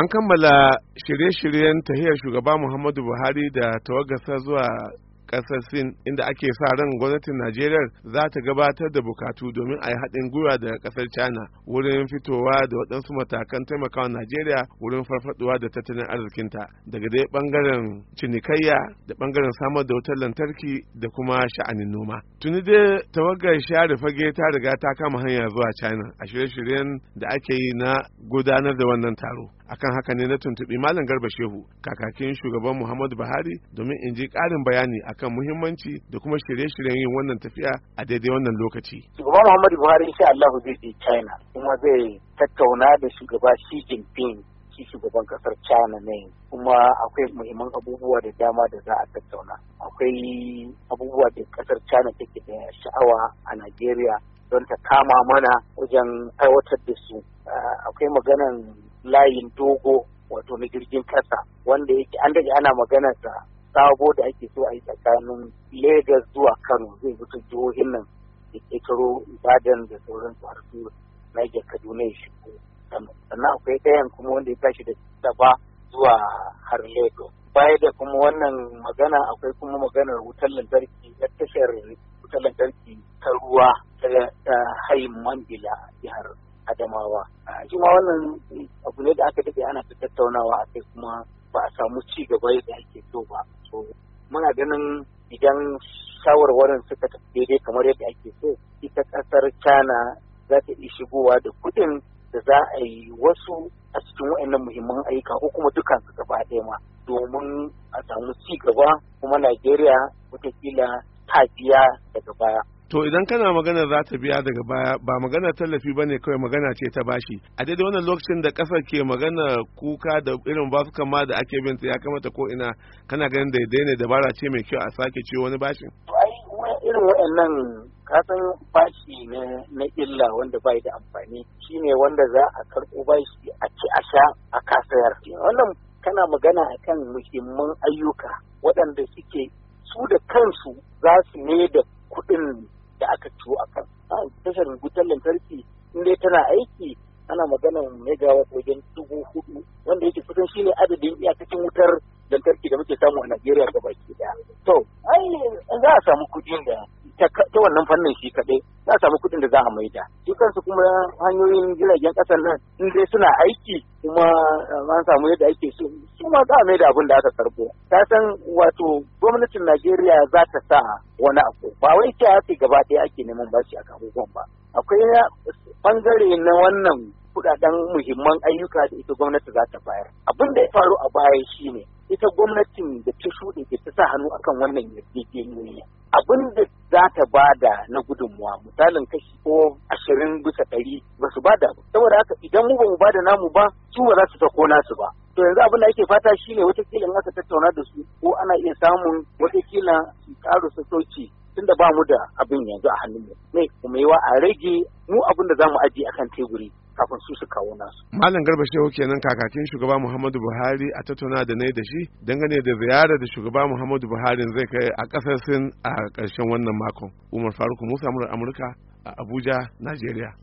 an kammala shirye-shiryen tahiyar shugaba muhammadu buhari da tawagasa zuwa kasar sin inda ake sa ran gwamnatin najeriya za ta gabatar da bukatu domin a yi haɗin gwiwa da kasar china wurin fitowa da waɗansu matakan taimakawa najeriya wurin farfaduwa da tattalin arzikinta daga dai ɓangaren cinikayya da ɓangaren samar da wutar lantarki da kuma sha'anin noma tuni dai tawagar share fage ta riga ta kama hanya zuwa china a shirye-shiryen da ake yi na gudanar da wannan taro akan haka ne na tuntuɓi malam garba shehu kakakin shugaban muhammadu buhari domin in ji ƙarin bayani akan muhimmanci da kuma shirye-shiryen yin wannan tafiya a daidai wannan lokaci shugaban muhammadu buhari insha allah zai je china kuma zai tattauna da shugaba xi jinping shi shugaban kasar china ne kuma akwai muhimman abubuwa da dama da za a tattauna akwai abubuwa da kasar china take da sha'awa a najeriya don ta kama mana wajen aiwatar da su akwai maganan layin dogo wato na jirgin kasa wanda yake an daga ana maganarsa sabo da ake so a yi tsakanin Legas zuwa Kano zai fito jihohin nan da karo Ibadan da sauran su har su Niger Kaduna ya shigo Kano sannan akwai ɗayan kuma wanda ya tashi da Saba zuwa har Lagos baya da kuma wannan magana akwai kuma maganar wutar lantarki na tashar wutar lantarki ta ruwa ta haiman bila jihar Adamawa. Shi ma wannan abu ne da aka daɗe ana ta tattaunawa a kai kuma ba a samu ci gaba yadda ake so ba so muna ganin idan shawarwarin suka tafi daidai kamar yadda ake so ita ƙasar china za ta iya shigowa da kuɗin da za a yi wasu a cikin waɗannan muhimman ayyuka ko kuma dukkan su gaba ɗaya ma domin a samu ci gaba kuma Najeriya wataƙila ta biya daga baya. to idan kana magana za ta biya daga baya ba magana tallafi ba ne kawai magana ce ta bashi a daidai wannan lokacin da kasar ke magana kuka da irin basu kama da ake binta ya kamata ko ina kana ganin daidai ne dabara ce mai kyau a sake ce wani bashin irin waɗannan kasan bashi ne na illa wanda bai da amfani shine wanda za a karɓo bashi a ci a sha a kasayar wannan kana magana a kan muhimman ayyuka waɗanda suke su da kansu za su ne da kuɗin da aka ciwo a kan tashar wutar lantarki in dai tana aiki ana mai megawatt wajen dubu hudu wanda yake kusan ne adadin iyakacin wutar lantarki da muke samu a Najeriya gaba ki daya. To, ai za a samu kudin da ta wannan fannin shi kaɗai za a samu kuɗin da za a maida shi kansu kuma hanyoyin jiragen ƙasar nan in dai suna aiki kuma eh, an samu yadda ake so su ma za a maida abin da aka karbo ta san wato gwamnatin najeriya za ta sa wani abu ba wai ta ake gaba ɗaya ake neman bashi a kan ba akwai ɓangare na wannan kuɗaɗen muhimman ayyuka da ita gwamnati za ta bayar abin da ya faru a baya shine ita gwamnatin da ta shuɗe da ta sa hannu akan wannan yarjejeniyoyi abin da za ta ba da na gudunmuwa misalin kashi ko ashirin bisa ɗari ba su bada ba saboda haka idan mu ba mu bada namu ba su ba za su sako nasu ba to yanzu abin da ake fata shi ne wata kilan aka tattauna da su ko ana iya samun watakila su ƙaro sassauci da ba mu da abin yanzu a hannunmu ne kuma yawa a rage mu abin da za mu ajiye kan teburi kafin su su kawo nasu. Malam Garba Shehu kenan kakakin shugaba Muhammadu Buhari a tattauna da nai da shi dangane da ziyara da shugaba Muhammadu Buhari zai kai a ƙasar Sin a ƙarshen wannan makon. Umar Faruk Musa Amurka a Abuja, Najeriya.